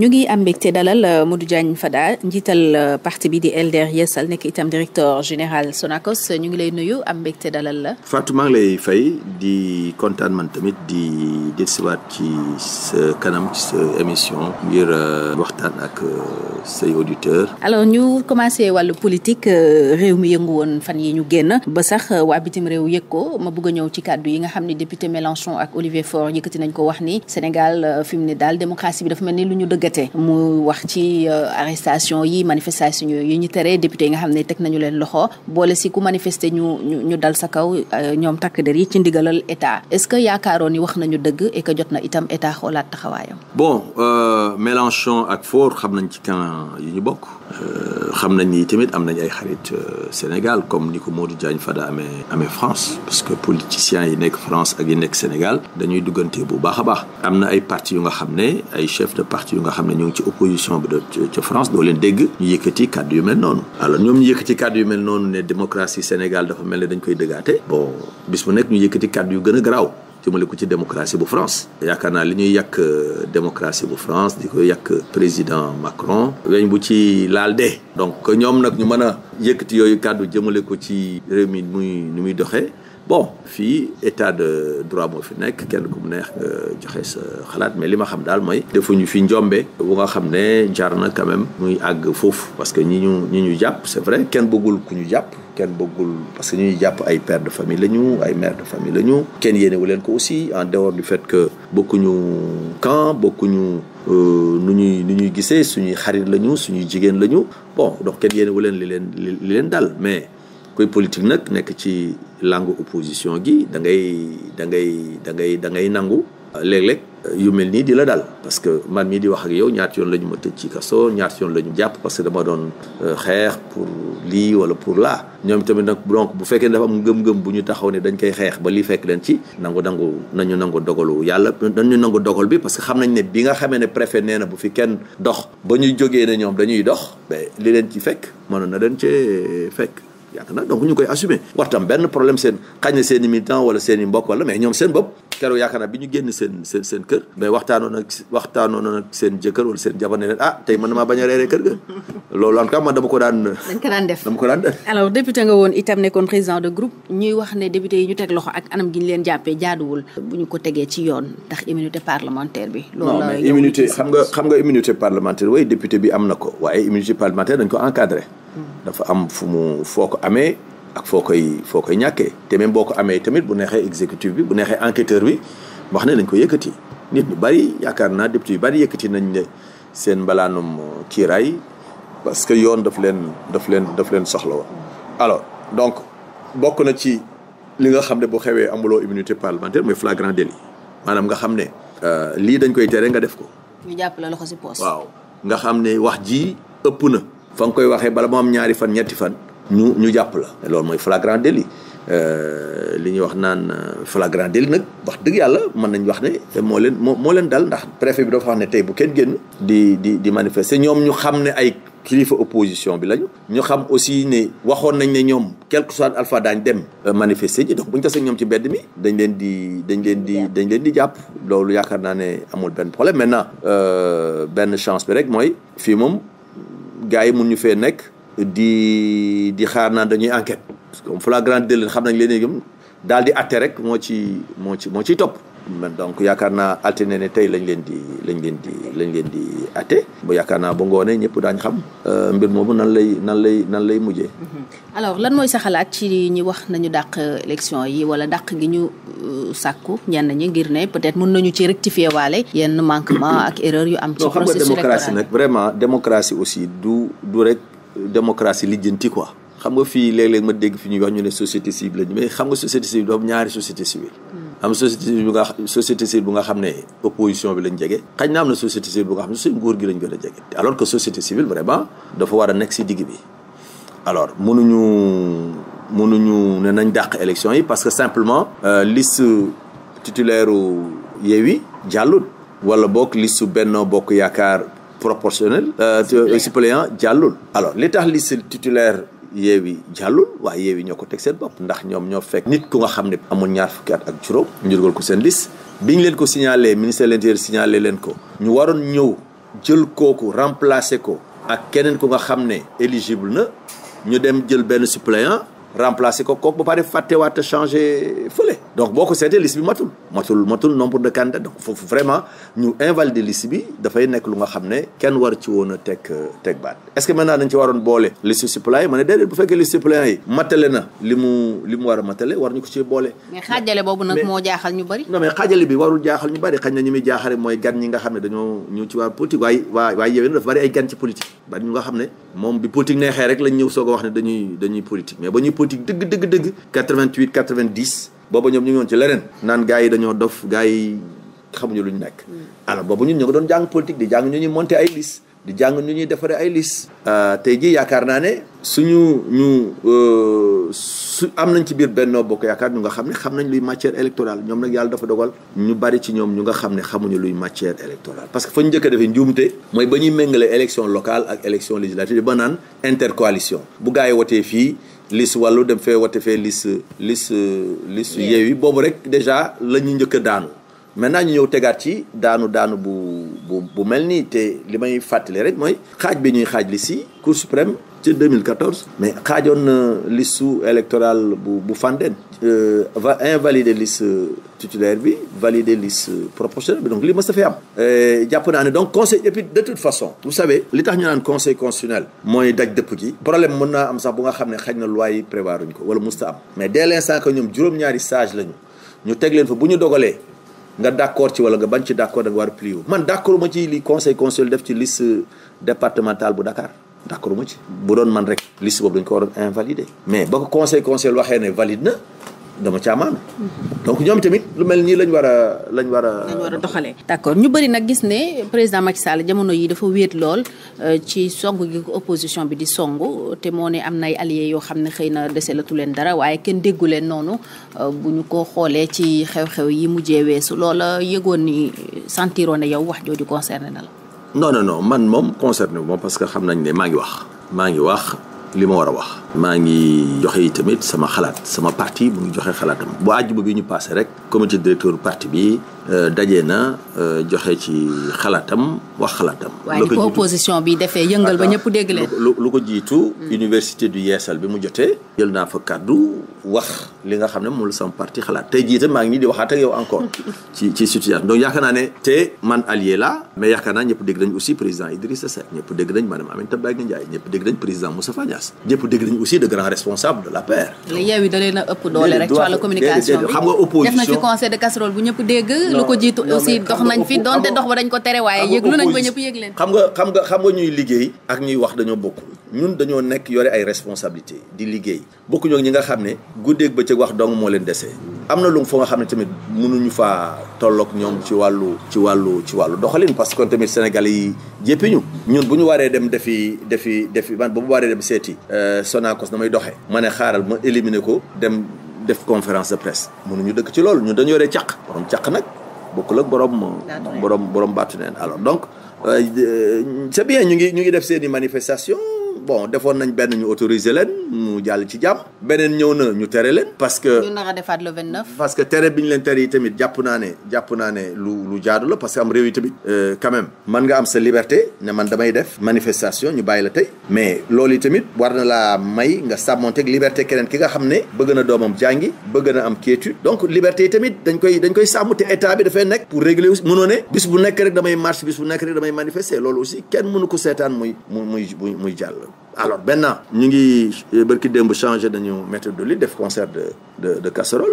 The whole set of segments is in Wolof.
ñu ngi am mbégte dalal euh, Modou fa Fada njiital euh, parti bi di LDR Yeesal nekk itam directeur général Sonacos ñu ngi lay nuyu am mbégte dalal la. Fatou maa ngi lay fay di kontaan man tamit di dellusiwaat ci sa kanam ci émission ngir euh, waxtaan ak say auditeurs. alors ñu commencé wàllu politique réew mi yëngu woon fan yi ñu génn ba sax waa bitim réew yëg ko ma bëgg a ñëw ci kaddu yi nga xam ne député Mélenchon ak Olivier Faure yëkkati nañ ko wax ni Sénégal fi jalgatee mu wax ci euh, arrestation yi manifestation yi ñu tere député yi nga xam ne teg nañu leen loxo boole si ku manifester ñu ñu dal sa kaw euh, ñoom takk der yi ci ndigalal état est-ce que yaakaaroon ni wax nañu dëgg et que jot na itam état xoolaat taxawaayam. bon euh, Mélenchon ak Faure xam nañ ci camp yi ñu bokk. xam nañ ni tamit am nañ ay xarit Sénégal comme ni ko Modou Diagne Fada amee amee France parce que politiciens yi nekk France ak yi nekk Sénégal dañuy duggante bu baax a baax. xam ne ñu ngi ci opposition bi de ca France doo leen dégg ñu yëkkati kàddu yu mel noonu alors ñoom ñu yëkkati kàddu yu mel noonu ne démocratie Sénégal dafa mel ne dañ koy dëggaate bon bis bu nekk ñu yëkkati kàddu yu gën a garaaw jëmale ko ci démocratie bu France yaakaar naa li ñuy yàkk euh, démocratie bu France di ko yàq président Macron weñ bu ci laal de donc ñoom nag ñu mën a yëkkati yooyu kàddu jëmale ko ci réew mi muy ni muy doxee bon fii état de droit moo fi nekk kenn ku mu neex nga joxe sa xalaat mais li ma xam daal mooy. defuñu fi njombe bu nga xam ne jar na quand muy àgg foofu parce que ñi ñu ñi ñu jàpp c'est vrai kenn bëggul ku ñu jàpp kenn bëggul parce que ñuy jàpp ay père de famille lañu ay mère de famille la kenn yéenewu leen ko aussi en dehors du fait que bokkuñu camp bokkuñu euh, nu ñuy nu ñuy gisee suñuy xarit la ñu suñuy jigéen la ñu bon donc kenn yéenewu leen li leen li leen daal mais kuy politique nag nekk ci. langue opposition gi da ngay da ngay da ngay nangu. léeg-léeg euh, yu mel nii di la dal parce que man mii di wax ak yow ñaata yoon la ñu ma tëj ci kaso ñaata yoon la ñu jàpp parce que dama doon euh, xeex pour lii wala pour laa. ñoom tamit nag donc bu fekkee dafa am ngëm-ngëm bu ñu taxaw ne dañ koy xeex ba lii fekk leen ci. nangu nangu nañu nangu dogalu yàlla nañu nangu dogal bi parce que xam nañ ne bi nga xamee ne préfet nee na bu fi kenn dox. ba ñu jógee ne ñoom dañuy dox. li leen ci fekk mënoon na leen cee fekk. yàgg na donc ñu koy assumer waxtam benn problème seen xañ na seen i militant wala seen i mbokk wala mais ñoom seen bopp keroog yaakaar bi ñu génn seen seen seen kër mais waxtaanoon ak waxtaanoon nag seen jëkkër wala seen jabar ne leen ah tey man damaa bañ a reeree kër ga loolu en tout man dama ko daan dañ ko daan def dama ko daan def alors député nga woon itam nekkoon président de groupe ñuy wax ne député yi ñu teg loxo ak anam gi leen jàppee jaaduwul bu ñu ko tegee ci yoon ndax immunité parlementaire bi loolu la immunité xam nga xam nga immunité parlementaire way député bi am na ko waaye immunité parlementaire dañ ko encadré dafa am fu mu foo ko amee ak foo koy foo koy ñàkkee te même boo ko amee tamit bu neexee exécutif bi bu neexee enquêteur bi wax ne nañ ko yëkkati nit ñu bari yaakaar naa député yu bari yëkkati nañ ne seen mbalaanum uh, kiiraay parce que yoon daf leen daf leen daf leen soxla alors donc bokk na ci li nga xam ne boo xewee amuloo immunité parlementaire mooy flagrant délit maanaam nga xam ne uh, lii dañ koy tere nga def ko ñu jàpp la loxo si nga xam ne wax ji ëpp na fa nga koy waxee bala mu am ñaari fan ñetti fan ñu ñu jàpp la loolu mooy flagrant délit euh, li ñuy wax naan euh, flagrant délit nag wax dëgg yàlla mën nañ wax ne moo leen moo moo leen dal ndax préfet bi dafa wax ne tey bu kenn génn di di di manifester ñoom ñu xam ne ay kilifa opposition bi lañu ñu xam aussi ne waxoon nañ ne ñoom quelque soit alpha daañ dem euh, manifester ji donc bu ñu tasee ñoom ci mbedd mi dañ leen di dañ leen di dañ leen di jàpp loolu yaakaar naa ne amul benn problème maintenant benn chance bi rek mooy fii moom gars yi mun ñu fee nekk di di xaar naa dañuy enquête parce que flagrant délit xam nañ leen daal di atte rek moo ci moo ci moo ciy topp donc yaakaar naa altine ne tey lañ leen di lañ leen di lañ leen di atte bu yaakaar naa ba ngoonee ñëpp daañ xam euh, mbir moomu nan lay nan lay nan lay mujjee mhm. alors lan mooy saxalaat ci ñi wax nañu dàq élection yi wala dàq gi ñu euh, sàkku ñenn ñi ngir ne peut-être mën nañu ci rectifier waale yenn manquement ak erreur yu am ci xam nga démocratie nag vraiment démocratie aussi du du rek démocratie lijjanti quoi xam nga fii léeg-léeg ma dégg fi ñuy wax ñu ne société civile lañu mais xam nga société civile dafa ñaari société civile am société civile bu nga société civile bu nga xam ne opposition bi lañ jege xañ na am na société civile bu nga xam ne suñ nguur gi lañ gën a jege alors que société civile vraiment dafa war a nekk si digg bi alors mënuñu mënuñu ne nañ dàq élection yi parce que simplement euh, liste titulaire u Yewwi jàllul wala bokk liste Benno Bokk Yaakaar proportionnel euh, suppléant jàllul alors li tax liste titulaire yeewi jàllul waaye yeewi ñoo ko teg seen bopp ndax ñoom ñoo fekk nit ku nga xam ne amul ñaar fukki at ak juróom ñu dugal ko seen liste biñ leen ko signalé ministère de l'intérieur signalé leen ko ñu waroon ñëw jël kooku remplacer ko ak keneen ko nga xam ne éligible na ñu dem jël benn suppléant remplacé ko kooku ba pare fàttewaat changé fële. donc boo ko seetee liste bi matul matul matul nombre de candidats donc foofu vraiment ñu invalider liste bi dafay nekk lu nga xam ne kenn war ci woon a teg teg baat est-ce que maintenant dañ ci waroon boole liste suppléant yi ma ne déedéet bu fekkee liste suppléant yi matale na li mu li mu war a matale war ñu ko ci boole. mais xaajale boobu nag moo jaaxal ñu bari. non mais xaajale bi warul jaaxal ñu bari xañ na ñu muy jaaxale mooy gan ñi nga xam ne dañoo ñëw ci waa politique waaye waa waaye yow dafa bari ay gan ci politique bari ñu nga xam ne moom bi politique neexee rek lañ ñëw soog a wax ne dañuy dañuy politique mais ba ñuy politique dëgg dëgg dëgg. 88 90 booba ñoom ñu ngi woon ci leneen naan gars yi dañoo dof gars yi xamuñu lu nekk. alors boobu ñun ñu ngi doon jàng politique di jàng ñu ñuy monter ay liste. di jàng ñu ñuy defaree ay liste. Euh, tey jii yaakaar naa ne suñu ñu euh, su am nañ ci biir Benno Bokk Yaakaar ñu nga xam ne xam nañ luy matière électorale ñoom nag yàlla dafa dogal ñu bari ci ñoom ñu nga xam ne xamuñu luy matière électorale parce que fa ñu njëkk a defee njuumte mooy ba ñuy méngale élection locale ak élection législative ba naan intercoalition bu gaa yi wotee fii lis wàllu dem fee wote fee liste lis liste yeew yi boobu rek déjà la ñu njëkk a daanu maintenant ñu ñëw tegaat ci daanu daanu bu bu bu mel nii te li may fàttali rek mooy xaaj bi ñuy xaaj li si Cour suprême ci 2014 mais xaajoon na su électorale bu bu Fandène euh, va invalider liste titulaire bi valider liste proportionnelle bi donc li mës a fee am jàpp naa ne donc conseil et puis de toute façon vous savez li tax ñu naan conseil constitutionnel mooy daj dëpp gi problème mën naa am sax bu nga xam ne xaj na loi yi prévoiruñ ko wala musta am mais dès l'instant ñoom juróom-ñaari sage ñu teg leen fa bu ñu dogalee nga d'accord ci wala nga bañ ci d'accord da nga war a plier man d'accord ma ci lii conseil conseil def ci liste départementale bu Dakar d'accord ma ci bu doon man rek liste boobu dañ ko war a invalider mais ba ko conseil conseil waxee ne valide na dama caa maanu. donc ñoom tamit lu mel nii lañ war a lañ war a. war a doxalee. d'accord ñu bëri nag gis ne président Macky Sall jamono yi dafa wéet lool euh, ci song gi ko opposition bi di song te moo ne am nay alliés yoo xam ne xëy na deselatu leen dara waaye kenn déggu leen noonu euh, bu ñu ko xoolee ci xew-xew yi mujjee weesu loola yëgoon ni sentiroo ne yow wax jooju concerné na la. non non non man moom concerné wu moom parce que xam nañ ne maa ngi wax. maa ngi wax. li ma war a wax. maa ngi joxe yi tamit sama xalaat sama parti mu ngi joxe xalaatam bu àjjuma bi ñu passé rek comité directeur parti bi euh, daje na euh, joxe ci xalaatam wax xalaatam. lu ko jiitu waaye bi defee yëngal ba lu ko jiitu. Mm. université du yeesal bi mu jotee. jël naa fa kaddu wax li nga xam ne moom la sama parti xalaat tey jii maa ngi nii di waxaat ak yow encore. ci ci situation donc yaakaar naa ne. te man allié la mais yaakaar naa ñëpp dégg nañ aussi président Idrissa Seck ñëpp dégg nañ maanaam Aminata Mbengue Ndiaye ñëpp dégg place ñëpp dégg nañu aussi de grands responsables la paire. Yewwi da leen a ëpp doole rek ci communication bi xam nga opposition def na fi conseil de casserole bu ñëpp dégg. lu ko jiitu aussi dox nañ fi donte dox ba dañ ko tere waaye yëglu nañ ba ñëpp yëg xam nga xam nga ñuy liggéey. ak ñuy wax dañoo bokk ñun dañoo nekk yore ay responsabilités di liggéey bokkuñu ñi nga xam ne guddeeg bëccëg wax dong moo leen dese am na lu fa nga xam ne tamit mënuñu faa tollook ñoom ci wàllu ci wàllu ci wàllu doxalin parce que tamit Sénégal yi jéppi ñu ñun bu ñu waree dem defi defi defi man ba mu waree dem seeti euh, Sonacos damay doxee ma ne xaaral ma éliminer ko dem def conférence de presse mënuñu dëkk ci loolu ñun dañu yoree càq borom càq nag bokkul ak borom borom borom baatu neen alors donc euh, euh, c'est bien ñu ngi ñu ngi def seen i manifestation bon defoon nañ benn ñu autorisé leen mu jàll ci jàmm beneen ñëw na ñu tere leen parce que ñu nar a defaat le parce que tere bi ñu leen tere yi tamit jàpp naa ne jàpp naa ne lu lu la parce que am réew yi tamit euh, quand nga am sa liberté ne man damay def manifestation ñu bàyyi la tey mais loolu yi tamit war na laa may nga teg liberté keneen ki nga xam ne bëgg na doomam jàngi bëgg na am quiétude donc liberté yi tamit dañ koy dañ koy sàmm te état bi dafay nekk pour réguler aussi mënoo ne bis bu nekk rek damay marche bis nekk rek damay manifester loolu aussi kenn mënu ko seetaan muy muy muy muy jàll alors benna ñu ngi euh, bërki démb changer nañu méthode de lutte def concert de de de casserole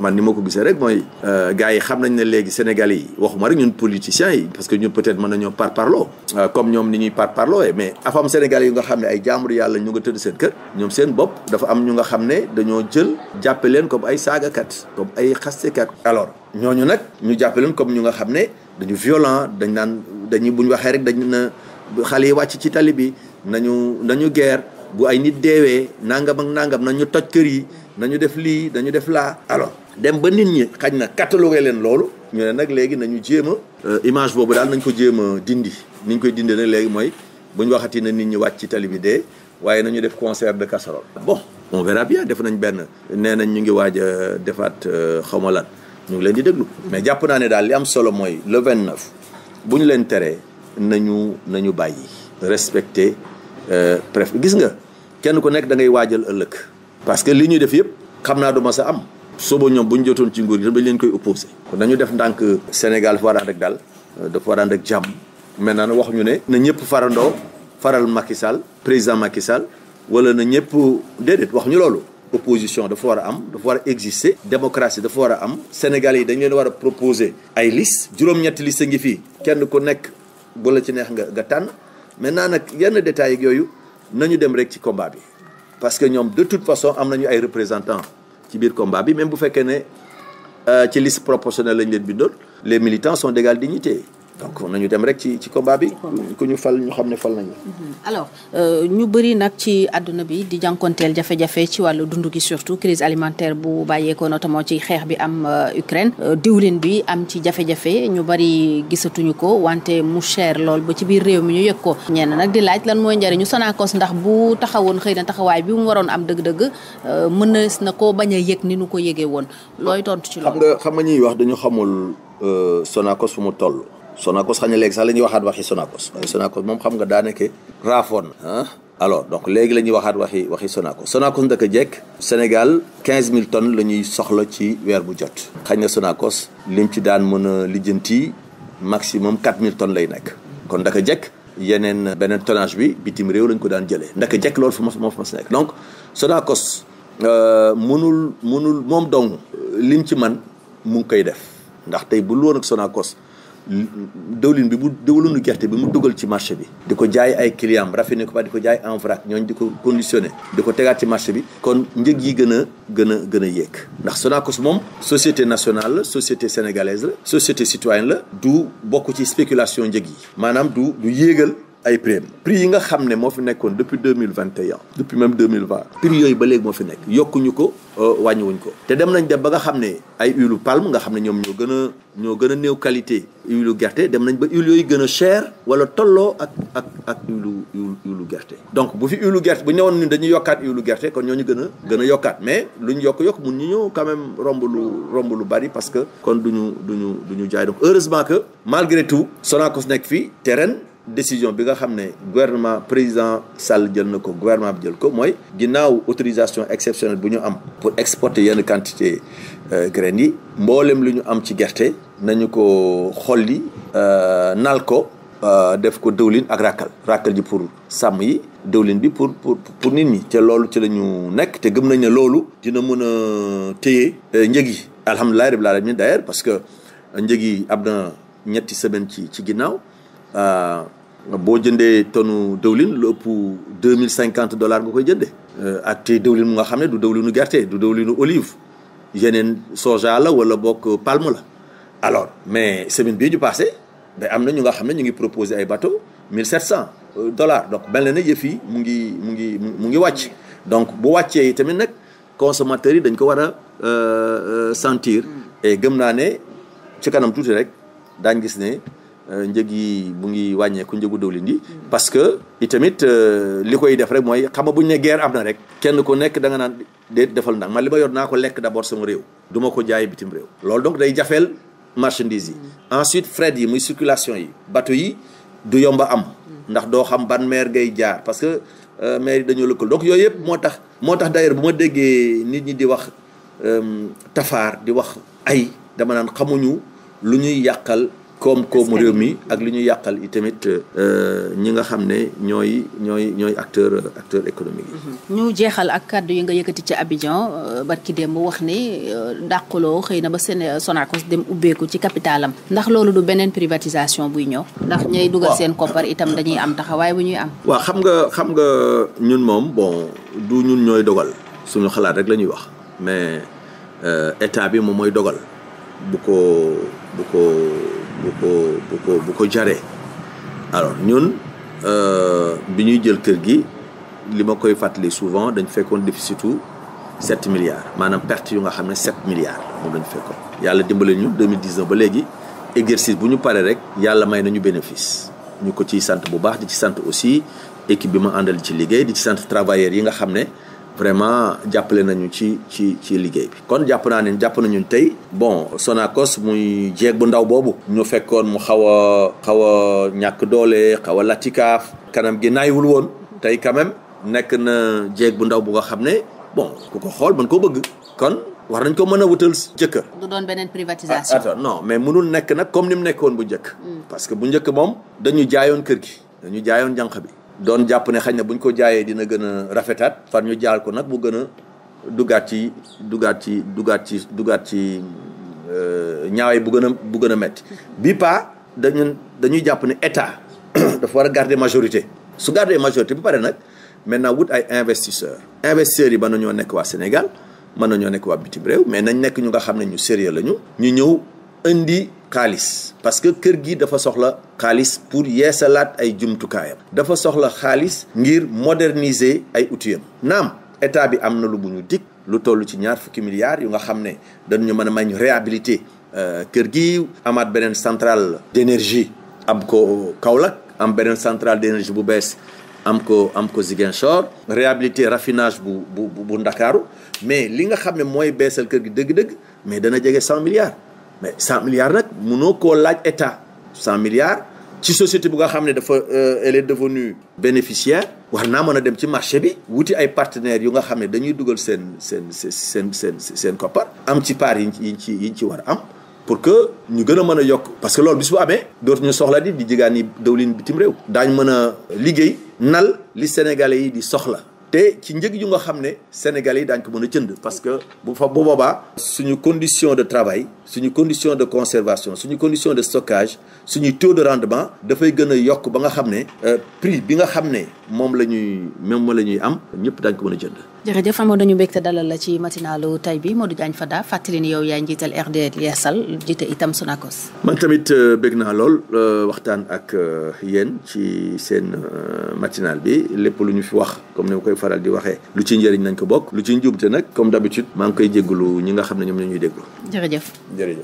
man ni ma ko gisee rek mooy. Euh, gars yi xam nañ ne léegi Sénégal yi waxuma rek ñun politiciens yi parce que ñun peut-être mën nañoo par parloo. Euh, comme ñoom ni ñuy par parloo mais afam Sénégal yi nga xam ne ay jàmbur yàlla ñu nga tëdd seen kër. ñoom seen bopp dafa am ñu nga xam ne dañoo jël jàppe leen comme ay saagakat comme ay xastekat. alors ñooñu nag ñu jàppe leen comme ñu nga xam ne dañu violent dañ naan dañuy bu ñu waxee rek dañ na xale yi wàcc ci tali bi. nañu nañu guerre bu ay nit deewee nangam ak nangam nañu toj kër yi nañu def lii nañu def laa alors dem ba nit ñi xaj na catalogué leen loolu ñu ne nag léegi nañu jéem a euh, image boobu daal nañ ko jéem a dindi ni ñu koy dindi nag léegi mooy bu ñu waxati na nit ñi wàcc ci tali bi dee waaye nañu def concert de casserole bo on verra bien def nañu benn nee nañ ñu ngi waaj a defaat euh, xawma lan ñu ngi leen di déglu mais jàpp naa ne daal li am solo mooy le vingt neuf bu ñu leen teree nañu nañu bàyyi respecter Euh, préf gis nga kenn ku nekk da ngay waajal ëllëg parce que li ñuy def yëpp xam naa du ma sa am sooba ñoom bu ñu jotoon ci nguur gi dañ leen koy opposé kon nañu def ndànk Sénégal war ànd ak daal euh, dafa war ànd ak jàmm maintenant na waxuñu ne na ñëpp farandoo faral Macky Sall président Macky Sall wala na ñëpp déedéet waxuñu loolu opposition dafa war a am dafa war a exister démocratie dafa war a am sénégal yi dañu leen war a proposer ay liste juróom-ñetti liste ngi fii kenn ku nekk bu la ci neex nga nga tànn mais maintenant nag yenn détails yeeg yooyu nañu dem rek ci combat bi parce que ñoom de toute façon am nañu ay représentants ci biir combat bi même bu fekkee ne euh, ci liste proportionnelle lañ leen bindoon les militants sont d'égale dignité donc war nañu dem rek ci ci combat bi. ku ñu fal ñu xam ne fal nañu. Mhm. alors euh, ñu bëri nag ci àdduna bi di jànkonteel jafe-jafe ci wàllu dund gi surtout crise alimentaire bu bàyyeekoo tamoo ci xeex bi am euh, Ukraine. Euh, diwlin bi am ci jafe-jafe ñu bari gisatuñu ko wante mu cher lool ba ci biir réew mi ñu yëg ko. ñenn nag di laaj lan mooy njëriñu Sonacos ndax bu taxawoon xëy na taxawaay bi mu waroon am dëgg-dëgg mën na ko bañ a yëg ni nu ko yëgee woon looy tontu ci loolu. nga xam nga ñuy wax dañu xamul Sonacos fu mu toll. Sonacos xam ne léegi sax la ñuy waxaat waxi Sonacos waaye Sonacos moom xam nga daanaka raafoon na ah. alors donc léegi la ñuy waxaat waxi waxi Sonacos Sonacos ndaka jekk Sénégal quinze mille tonnes la ñuy soxla ci weer bu jot xañ na Sonacos lim ci daan mën a lijjanti maximum quatre mille tonnes lay nekk kon ndaka jekk yeneen beneen tonnage bi bitim réew lañu ko daan jëlee ndaka jekk lool fu ma moo fa nekk donc Sonacos euh, mënul mënul moom dong lim ci man mu ngi koy def ndax tey bu lu woon ak Sonacos dëwlin bi bu dëwlinu gerte bi mu dugal ci marché bi di ko jaay ay client am raffiné ko ba di ko jaay en vrac ñooñ di ko conditionné di ko tegaat ci marché bi kon njëg yi gën a gën a gën a yéeg ndax Sonacos moom société nationale société sénégalaise société citoyenne la du bokk ci spéculation njëg yi maanaam du du yéegal ay prime prix yi nga xam ne moo fi nekkoon depuis deux mille vingt et un depuis même deux mille vingt prix yooyu ba léegi moo fi nekk yokkuñu ko euh, wàññiwuñ ko te dem nañ dem ba nga xam ne ay huilu palme nga xam ne ñoom ñoo gën a ñoo gën a néew qualité huilu gerte dem ba huile yooyu gën a cher wala tolloo ak ak ak huilu huilu gerte donc bu fi huilu gerte bu ñëwoon ñun dañuy yokkaat huilu gerte kon ñoo ñu a gën a yokkaat mais luñ yokk yokk mun ñu ñëw quand même romb lu romb lu bari parce que kon du ñu duñu duñu ñu jaay donc heureusement que malgré tout Sonacos nekk fii te ren décision bi nga xam ne gouvernement président Sall jël na ko gouvernement bi jël ko mooy ginnaaw autorisation exceptionnelle bu ñu am pour exporter yenn quantité euh, graines yi mboolem lu ñu am ci gerte nañu ko xolli euh, nal ko euh, def ko dëwlin ak ràkkal ràkkal ji pour sàmm yi dëwlin bi pour pour pour nit ñi te loolu ci la ñu nekk te gëm nañ ne loolu dina mën a téye njëg yi alhamdulilahi rabbil alamin d'ailleurs parce que njëg yi ab na ñetti semaine ci ci ginnaaw Euh, boo jëndee tonne dëwlin lu ëpp deux mille cinquante dollars nga koy jëndee. Euh, ak te dëwlin mu nga xam ne du dëwlinu gerte du dëwlinu olive yeneen soja la wala bokk palme la alors mais semaine bii ju passé day am na ñu nga xam ne ñu ngi proposer ay bateau mille sept cent euh, dollars donc mel na ne yëf yi mu ngi mu ngi mu ngi wàcc donc bu wàccee yi tamit nag consommateurs yi dañ ko war a sentir. et gëm naa ne ci kanam tuuti rek daañ gis ne. Euh, njëg yi mu ngi wàññeeku njëgu diwlin di mm. parce que itamit euh, li koy def rek mooy xam nga bu ñu ne guerre am na rek kenn ku nekk da nga naan déet defal ndànk man li ma yor naa ko lekk d'abord sama réew duma ko jaay bitim réew loolu donc day jafeel marchandise yi mm. ensuite fret yi muy circulation yi bateau yi du yomba am mm. ndax doo xam ban mer ngay jaar parce que euh, mer yi dañoo ko donc yooyu yëpp moo tax moo tax d'ailleurs bu ma déggee nit ñi di wax tafaar di wax ay dama naan xamuñu lu ñuy yàqal koom-koomu réew mi ak lu ñu yàqal i tamit euh, ñi nga xam ne ñooy ñooy ñooy acteur euh, acteur économique yi mhm. ñu jeexal ak kàddu yi nga yëkkati ci Abidjan euh, barki démb wax ni dàquloo xëy na ba seen Sonacos dem ubbeeku ci capitalam ndax loolu du beneen privatisation buy ñëw ndax ñay dugal seen koppar itam dañuy am taxawaay bu ñuy am waaw xam nga xam nga ñun moom bon du ñun ñooy dogal suñu xalaat rek la ñuy wax mais état bi moom mooy dogal bu ko bu ko bu ko bu ko bu ko jaree alors ñun euh, bi ñuy jël kër gi li ma koy fàttali souvent dañ fekkoon déficitu sept milliards maanaam perte yu nga xam ne sept milliards moom lañu fekkoon yàlla dimbale ñu 2019 ba léegi exercice bu ñu paree rek yàlla may nañu bénéfice ñu ko ciy sant bu baax di ci sant aussi équipe bi ma àndal ci liggéey di ci sant travailleurs yi nga xam ne vraiment jàppale nañu ci ci ci liggéey kon jàpp naa ne jàpp nañu tey bon Sonacos muy jeeg bu ndaw boobu ñu fekkoon mu xaw a xaw a ñàkk doole xaw a latikaaf kanam gi naayiwul woon tey quand nekk na jeeg bu ndaw bu nga xam ne bon ku ko xool mën ko bëgg kon war nañ ko mën a wutal jëkkër du doon beneen privatisation ah, attends non mais mënul nekk nag comme ni mu nekkoon bu njëkk hmm. parce que bu njëkk moom dañu jaayoon kër gi dañu jaayoon jànq bi doon jàpp ne xañ na bu buñ ko jaayee dina gën a rafetaat far ñu jaar ko nag bu gën a dugaat ci dugaat ci dugaat ci dugaat ci euh, ñaaway bu gën a bu gën a metti bi pas dañu dañuy jàpp ne état dafa war a garder majorité su garder majorité ba pare nag maintenant wut ay investisseurs investisseurs yi ba na ñoo nekk waa Sénégal mën nañoo nekk waa bitim réew mais nañ nekk ñu nga xam ne ñu sérieux lañu ñu ñëw indi xaalis parce que kër gi dafa soxla xaalis pour yeesalaat ay jumtukaayam dafa soxla xaalis ngir moderniser ay outils naam état bi am na lu bu ñu dikk lu toll ci ñaar fukki milliards yu nga xam ne dañu mën a mañ réhabiliter euh, kër gi amaat beneen centrale d'énergie am ko Kaolack am beneen centrale d'énergie bu bees am ko am ko Ziguinchor réhabiliter raffinage bu bu bu Ndakaaru mais li nga xam ne mooy beesal kër gi dëgg-dëgg mais dana jege cent milliards mais cent milliards nag munoo koo laaj état cent milliards ci société bu nga xam ne dafa euh, elle est devenue bénéficiaire war naa mën a dem ci marché bi wuti ay partenaires yu nga xam ne dañuy dugal seen seen seen seen seen koppar am ci part yi yiñ ci yiñ ci war a am pour que ñu gën a mën a yokk parce que loolu bis bu amee dootuñu soxla di di jigaan yi dawlin bitim réew daañ mën a liggéey nal li sénégalais yi di soxla te ci njëg yu nga xam ne sénégalais yi daañ ko mën a jënd parce que bu fa bu boobaa suñu condition de travail suñu condition de conservation suñu condition de stockage suñu taux de rendement dafay gën a yokk ba nga xam ne euh, prix bi nga xam ne moom la ñuy moom la ñuy am ñëpp daañ ko mën a jënd jërëjëf amoon nañu mbégte dalal la ci matinalu tay bi Modou Diagne Fada fàttali ni yow yaay njiital RDS Yeesal jiite itam Sonacos man tamit euh, bég naa lool euh, waxtaan ak yéen ci seen matinal bi lépp lu ñu fi wax comme ni koy faral di waxee lu ci njëriñ nañ ko bokk lu ci njubte nag comme d'habitude maa ngi koy jégalu ñi nga xam ne ñoom ñoo ñuy déglu jërëjëf